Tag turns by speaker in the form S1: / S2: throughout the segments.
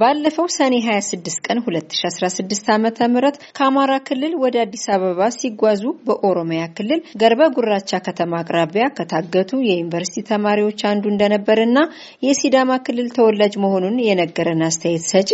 S1: ባለፈው ሰኔ 26 ቀን 2016 ዓ ም ከአማራ ክልል ወደ አዲስ አበባ ሲጓዙ በኦሮሚያ ክልል ገርበ ጉራቻ ከተማ አቅራቢያ ከታገቱ የዩኒቨርሲቲ ተማሪዎች አንዱ እንደነበርና የሲዳማ ክልል ተወላጅ መሆኑን የነገረን አስተያየት ሰጪ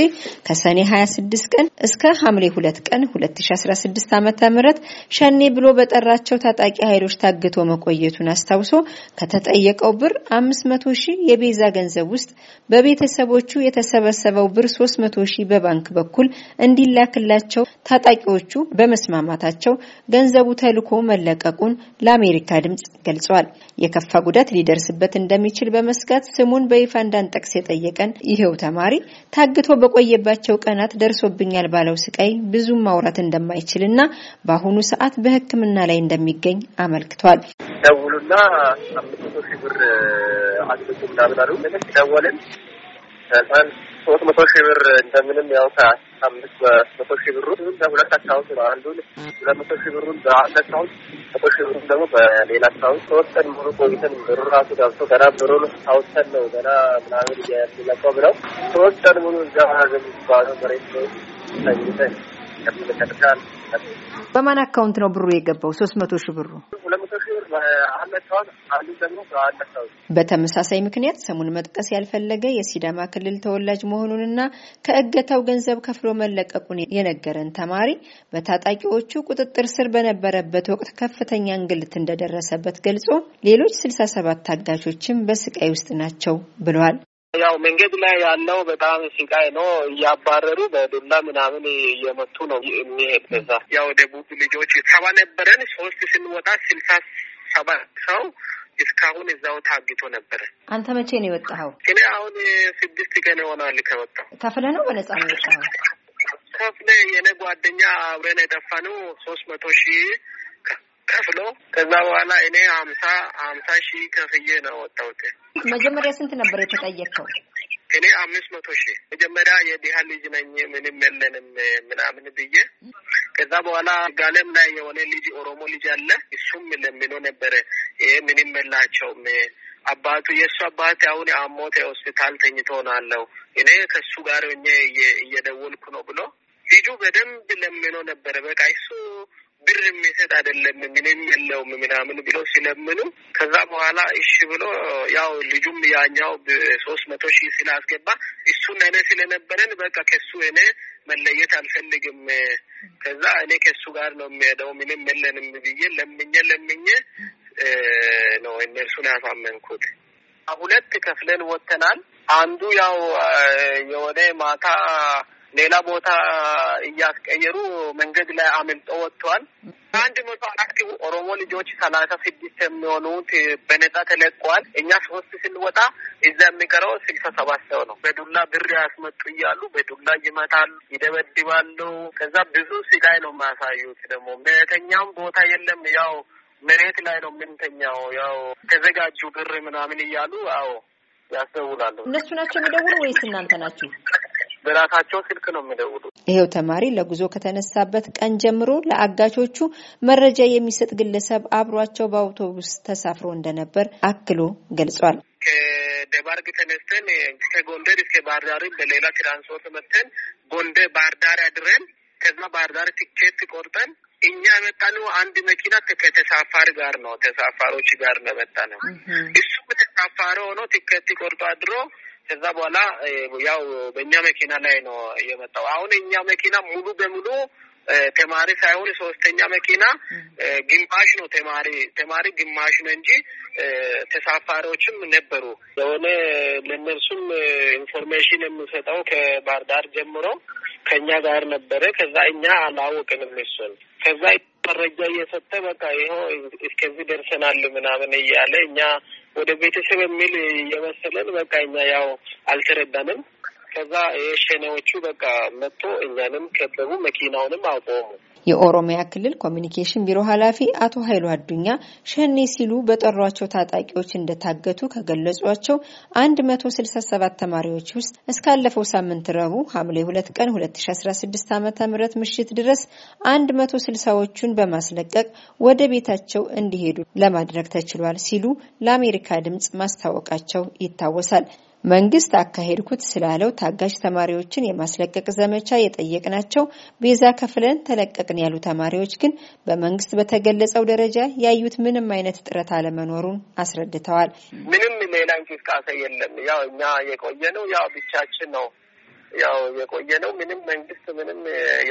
S1: ከሰኔ 26 ቀን እስከ ሐምሌ 2 ቀን 2016 ዓ ም ሸኔ ብሎ በጠራቸው ታጣቂ ኃይሎች ታግቶ መቆየቱን አስታውሶ ከተጠየቀው ብር 500 ሺህ የቤዛ ገንዘብ ውስጥ በቤተሰቦቹ የተሰበሰበው ብር 300 ሺህ በባንክ በኩል እንዲላክላቸው ታጣቂዎቹ በመስማማታቸው ገንዘቡ ተልኮ መለቀቁን ለአሜሪካ ድምጽ ገልጿል። የከፋ ጉዳት ሊደርስበት እንደሚችል በመስጋት ስሙን በይፋ እንዳንጠቅስ የጠየቀን ይሄው ተማሪ ታግቶ በቆየባቸው ቀናት ደርሶብኛል ባለው ስቃይ ብዙም ማውራት እንደማይችልና በአሁኑ ሰዓት በሕክምና ላይ እንደሚገኝ አመልክቷል።
S2: ደውሉና አምስት ሺህ ብር አድርጉ ምናምን ደወልን ደወልን ሶስት መቶ ሺህ ብር እንደምንም ያው ከአምስት መቶ ሺህ ብሩ በሁለት አካውንት ነው አንዱን ሁለት መቶ ሺህ ብሩን በአንድ አካውንት መቶ ሺህ ብሩን ደግሞ በሌላ አካውንት ሶስት ቀን ሙሉ ቆይተን ብሩ ራሱ ገብቶ ገና ብሩን አውጥተን ነው ገና ምናምን የሚለቀው ብለው ሶስት ቀን ሙሉ እዛ የሚባለው መሬት ተኝተን ከሚመጨረሻል
S1: በማን አካውንት ነው ብሩ የገባው? ሶስት መቶ ሺህ ብሩ ሁለት መቶ ሺህ በተመሳሳይ ምክንያት ስሙን መጥቀስ ያልፈለገ የሲዳማ ክልል ተወላጅ መሆኑንና ከእገታው ገንዘብ ከፍሎ መለቀቁን የነገረን ተማሪ በታጣቂዎቹ ቁጥጥር ስር በነበረበት ወቅት ከፍተኛ እንግልት እንደደረሰበት ገልጾ ሌሎች ስልሳ ሰባት ታጋቾችም በስቃይ ውስጥ ናቸው ብለዋል።
S2: ያው መንገድ ላይ ያለው በጣም ስቃይ ነው። እያባረሩ በዱላ ምናምን እየመቱ ነው የሚሄድ። በዛ ያው ደቡብ ልጆች ሰባ ነበረን ሶስት ስንወጣ ስልሳ ሰባት ሰው እስካሁን እዛው ታግቶ ነበረ።
S1: አንተ መቼ ነው የወጣኸው?
S2: እኔ አሁን ስድስት ቀን ይሆናል ከወጣሁ።
S1: ከፍለ ነው በነጻ ነው የወጣኸው? ከፍለ የእኔ ጓደኛ
S2: አብረን የጠፋ ነው ሶስት መቶ ሺህ ከፍሎ ከዛ በኋላ እኔ ሀምሳ ሀምሳ ሺህ ከፍዬ ነው ወጣሁት።
S1: መጀመሪያ ስንት ነበር የተጠየቅከው?
S2: እኔ አምስት መቶ ሺህ መጀመሪያ የድሃ ልጅ ነኝ ምንም የለንም ምናምን ብዬ ከዛ በኋላ ጋለም ላይ የሆነ ልጅ ኦሮሞ ልጅ አለ እሱም ለምኖ ነበረ። ይሄ ምንም የላቸውም አባቱ የእሱ አባት አሁን አሞት ሆስፒታል ተኝቶ ናለው እኔ ከሱ ጋር ሆኜ እየደወልኩ ነው ብሎ ልጁ በደንብ ለምኖ ነበረ። በቃ እሱ ብር የሚሰጥ አይደለም ምንም የለውም ምናምን ብሎ ሲለምኑ ከዛ በኋላ እሺ ብሎ ያው ልጁም ያኛው ሶስት መቶ ሺህ ስላስገባ እሱን እኔ ስለነበረን በቃ ከሱ እኔ መለየት አልፈልግም። ከዛ እኔ ከሱ ጋር ነው የሚሄደው ምንም የለንም ብዬ ለምኘ ለምኘ ነው እነርሱን ያሳመንኩት። ሁለት ከፍለን ወጥተናል። አንዱ ያው የሆነ ማታ ሌላ ቦታ እያስቀየሩ መንገድ ላይ አምልጦ ወጥተዋል። አንድ መቶ አራት ኦሮሞ ልጆች ሰላሳ ስድስት የሚሆኑት በነጻ ተለቀዋል። እኛ ሶስት ስንወጣ እዛ የሚቀረው ስልሳ ሰባት ሰው ነው። በዱላ ብር ያስመጡ እያሉ በዱላ ይመታሉ፣ ይደበድባሉ። ከዛ ብዙ ስቃይ ነው የማያሳዩት ደግሞ መተኛውም ቦታ የለም ያው መሬት ላይ ነው የምንተኛው። ያው ተዘጋጁ ብር ምናምን እያሉ አዎ
S1: ያስተውላሉ። እነሱ
S2: ናቸው የሚደውሉ ወይስ እናንተ ናችሁ? በራሳቸው
S1: ስልክ ነው የሚደውሉት። ይኸው ተማሪ ለጉዞ ከተነሳበት ቀን ጀምሮ ለአጋቾቹ መረጃ የሚሰጥ ግለሰብ አብሯቸው በአውቶቡስ ተሳፍሮ እንደነበር አክሎ ገልጿል። ከደባርግ ተነስተን ከጎንደር ጎንደር እስከ ባህር ዳር በሌላ ትራንስፖርት
S2: መጥተን ጎንደር ባህር ዳር ከዛ ባህር ዳር ትኬት ቆርጠን እኛ የመጣነው አንድ መኪና ከተሳፋሪ ጋር ነው ተሳፋሪዎች ጋር ነው የመጣነው። እሱም ተሳፋሪ ሆኖ ትኬት ቆርጦ አድሮ ከዛ በኋላ ያው በእኛ መኪና ላይ ነው የመጣው። አሁን እኛ መኪና ሙሉ በሙሉ ተማሪ ሳይሆን ሶስተኛ መኪና ግማሽ ነው ተማሪ ተማሪ ግማሽ ነው እንጂ ተሳፋሪዎችም ነበሩ። የሆነ ለእነርሱም ኢንፎርሜሽን የምንሰጠው ከባህር ዳር ጀምሮ ከእኛ ጋር ነበረ። ከዛ እኛ አላወቅንም እሱን ከዛ መረጃ እየሰጠ በቃ ይኸው እስከዚህ ደርሰናል ምናምን እያለ እኛ ወደ ቤተሰብ የሚል እየመሰለን በቃ እኛ ያው አልተረዳንም። ከዛ
S1: የሸኔዎቹ በቃ መጥቶ እኛንም ከበቡ፣ መኪናውንም አቆሙ። የኦሮሚያ ክልል ኮሚኒኬሽን ቢሮ ኃላፊ አቶ ኃይሉ አዱኛ ሸኔ ሲሉ በጠሯቸው ታጣቂዎች እንደታገቱ ከገለጿቸው 167 ተማሪዎች ውስጥ እስካለፈው ሳምንት ረቡዕ ሐምሌ 2 ቀን 2016 ዓ.ም ምሽት ድረስ 160ዎቹን በማስለቀቅ ወደ ቤታቸው እንዲሄዱ ለማድረግ ተችሏል ሲሉ ለአሜሪካ ድምጽ ማስታወቃቸው ይታወሳል። መንግስት አካሄድኩት ስላለው ታጋሽ ተማሪዎችን የማስለቀቅ ዘመቻ የጠየቅናቸው ቤዛ ከፍለን ተለቀቅን ያሉ ተማሪዎች ግን በመንግስት በተገለጸው ደረጃ ያዩት ምንም አይነት ጥረት አለመኖሩን አስረድተዋል።
S2: ምንም ሌላ እንቅስቃሴ የለም። ያው እኛ የቆየ ነው፣ ያው ብቻችን ነው ያው የቆየ ነው። ምንም መንግስት ምንም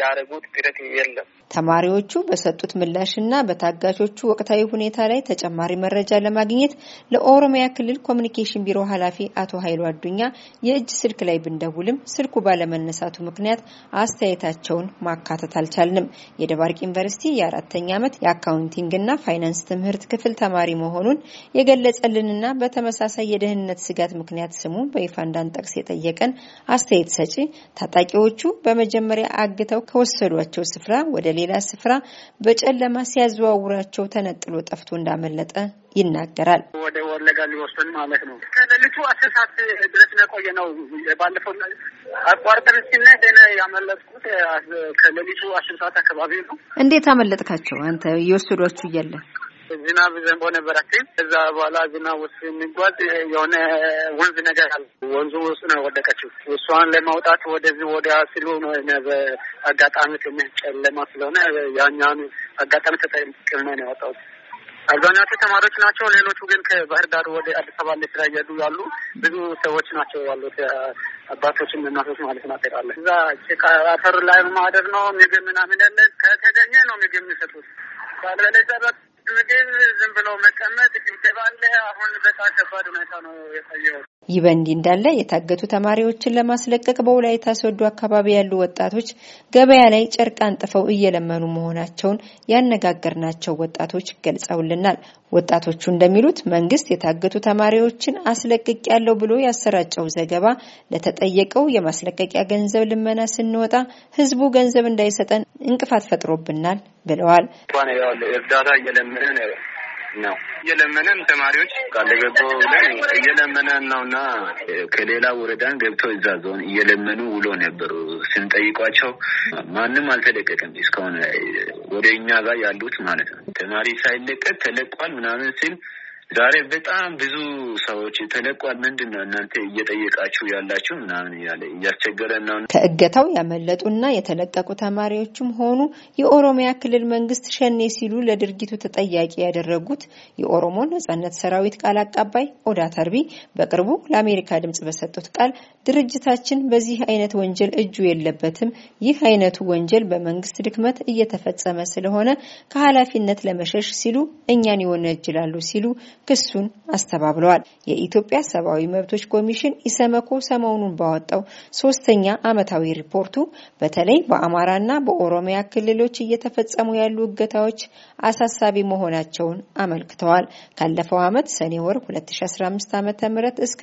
S2: ያደረጉት ጥረት
S1: የለም። ተማሪዎቹ በሰጡት ምላሽና በታጋቾቹ ወቅታዊ ሁኔታ ላይ ተጨማሪ መረጃ ለማግኘት ለኦሮሚያ ክልል ኮሚኒኬሽን ቢሮ ኃላፊ አቶ ኃይሉ አዱኛ የእጅ ስልክ ላይ ብንደውልም ስልኩ ባለመነሳቱ ምክንያት አስተያየታቸውን ማካተት አልቻልንም። የደባርቅ ዩኒቨርሲቲ የአራተኛ ዓመት የአካውንቲንግና ፋይናንስ ትምህርት ክፍል ተማሪ መሆኑን የገለጸልንና በተመሳሳይ የደህንነት ስጋት ምክንያት ስሙ በይፋ እንዳንጠቅስ የጠየቀን አስተያየት ሰጪ ታጣቂዎቹ በመጀመሪያ አግተው ከወሰዷቸው ስፍራ ወደ ሌላ ስፍራ በጨለማ ሲያዘዋውራቸው ተነጥሎ ጠፍቶ እንዳመለጠ ይናገራል።
S2: ወደ ወለጋ ሊወስን ማለት ነው። ከሌሊቱ አስር ሰዓት ድረስ ነው የቆየ ነው። ባለፈው አቋርጠን ስንሄድ ያመለጥኩት ከሌሊቱ አስር ሰዓት አካባቢ ነው።
S1: እንዴት አመለጥካቸው አንተ እየወሰዷችሁ እያለን
S2: ዝናብ ዘንቦ ነበር አክል ከዛ በኋላ ዝናብ ውስጥ የሚጓዝ የሆነ ወንዝ ነገር አለ። ወንዙ ውስጥ ነው የወደቀችው። እሷን ለማውጣት ወደዚህ ወዲያ ሲሉ ነው አጋጣሚ ትንሽ ጨለማ ስለሆነ ያኛውን አጋጣሚ ተጠቅሜ ነው ያወጣሁት። አብዛኛዎቹ ተማሪዎች ናቸው። ሌሎቹ ግን ከባህር ዳር ወደ አዲስ አበባ ለስራ እየሄዱ ያሉ ብዙ ሰዎች ናቸው ያሉት፣ አባቶችም እናቶች ማለት ናጠቃለ እዛ አፈር ላይ ማደር ነው። ምግብ ምናምን የለን ከተገኘ ነው ምግብ የሚሰጡት፣ ካልበለዚያ ምግብ ዝም ብሎ መቀመጥ ድብደባ አለ። አሁን በጣም ከባድ ሁኔታ ነው
S1: የታየው። ይህ በእንዲህ እንዳለ የታገቱ ተማሪዎችን ለማስለቀቅ በወላይታ ሶዶ አካባቢ ያሉ ወጣቶች ገበያ ላይ ጨርቅ አንጥፈው እየለመኑ መሆናቸውን ያነጋገርናቸው ወጣቶች ገልጸውልናል። ወጣቶቹ እንደሚሉት መንግስት የታገቱ ተማሪዎችን አስለቅቅ ያለው ብሎ ያሰራጨው ዘገባ ለተጠየቀው የማስለቀቂያ ገንዘብ ልመና ስንወጣ ህዝቡ ገንዘብ እንዳይሰጠን እንቅፋት ፈጥሮብናል ብለዋል።
S2: እርዳታ እየለመነ ነው ነው እየለመነን ተማሪዎች ቃል ገቦ እየለመነን ነው እና ከሌላ ወረዳን ገብተው እዛ ዞን እየለመኑ ውሎ ነበሩ። ስንጠይቋቸው ማንም አልተለቀቀም እስካሁን ወደ እኛ ጋር ያሉት ማለት ነው። ተማሪ ሳይለቀቅ ተለቋል ምናምን ሲል ዛሬ በጣም ብዙ ሰዎች ተለቋል። ምንድን ነው እናንተ እየጠየቃችሁ ያላችሁ ምናምን እያለ እያስቸገረ ነው።
S1: ከእገታው ያመለጡና የተለቀቁ ተማሪዎችም ሆኑ የኦሮሚያ ክልል መንግስት ሸኔ ሲሉ ለድርጊቱ ተጠያቂ ያደረጉት የኦሮሞ ነጻነት ሰራዊት ቃል አቃባይ ኦዳ ተርቢ በቅርቡ ለአሜሪካ ድምጽ በሰጡት ቃል ድርጅታችን በዚህ አይነት ወንጀል እጁ የለበትም፣ ይህ አይነቱ ወንጀል በመንግስት ድክመት እየተፈጸመ ስለሆነ ከኃላፊነት ለመሸሽ ሲሉ እኛን ይወነጅላሉ ሲሉ ክሱን አስተባብለዋል። የኢትዮጵያ ሰብአዊ መብቶች ኮሚሽን ኢሰመኮ ሰሞኑን ባወጣው ሶስተኛ ዓመታዊ ሪፖርቱ በተለይ በአማራና በኦሮሚያ ክልሎች እየተፈጸሙ ያሉ እገታዎች አሳሳቢ መሆናቸውን አመልክተዋል። ካለፈው ዓመት ሰኔ ወር 2015 ዓ.ም እስከ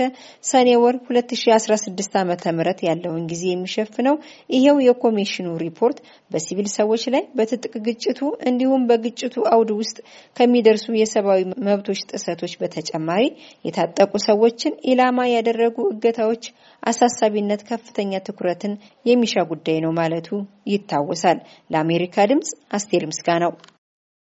S1: ሰኔ ወር 2016 ም ያለውን ጊዜ የሚሸፍነው ይኸው የኮሚሽኑ ሪፖርት በሲቪል ሰዎች ላይ በትጥቅ ግጭቱ እንዲሁም በግጭቱ አውድ ውስጥ ከሚደርሱ የሰብአዊ መብቶች ጥሰ ሁከቶች በተጨማሪ የታጠቁ ሰዎችን ኢላማ ያደረጉ እገታዎች አሳሳቢነት ከፍተኛ ትኩረትን የሚሻ ጉዳይ ነው ማለቱ ይታወሳል። ለአሜሪካ ድምጽ አስቴር ነው።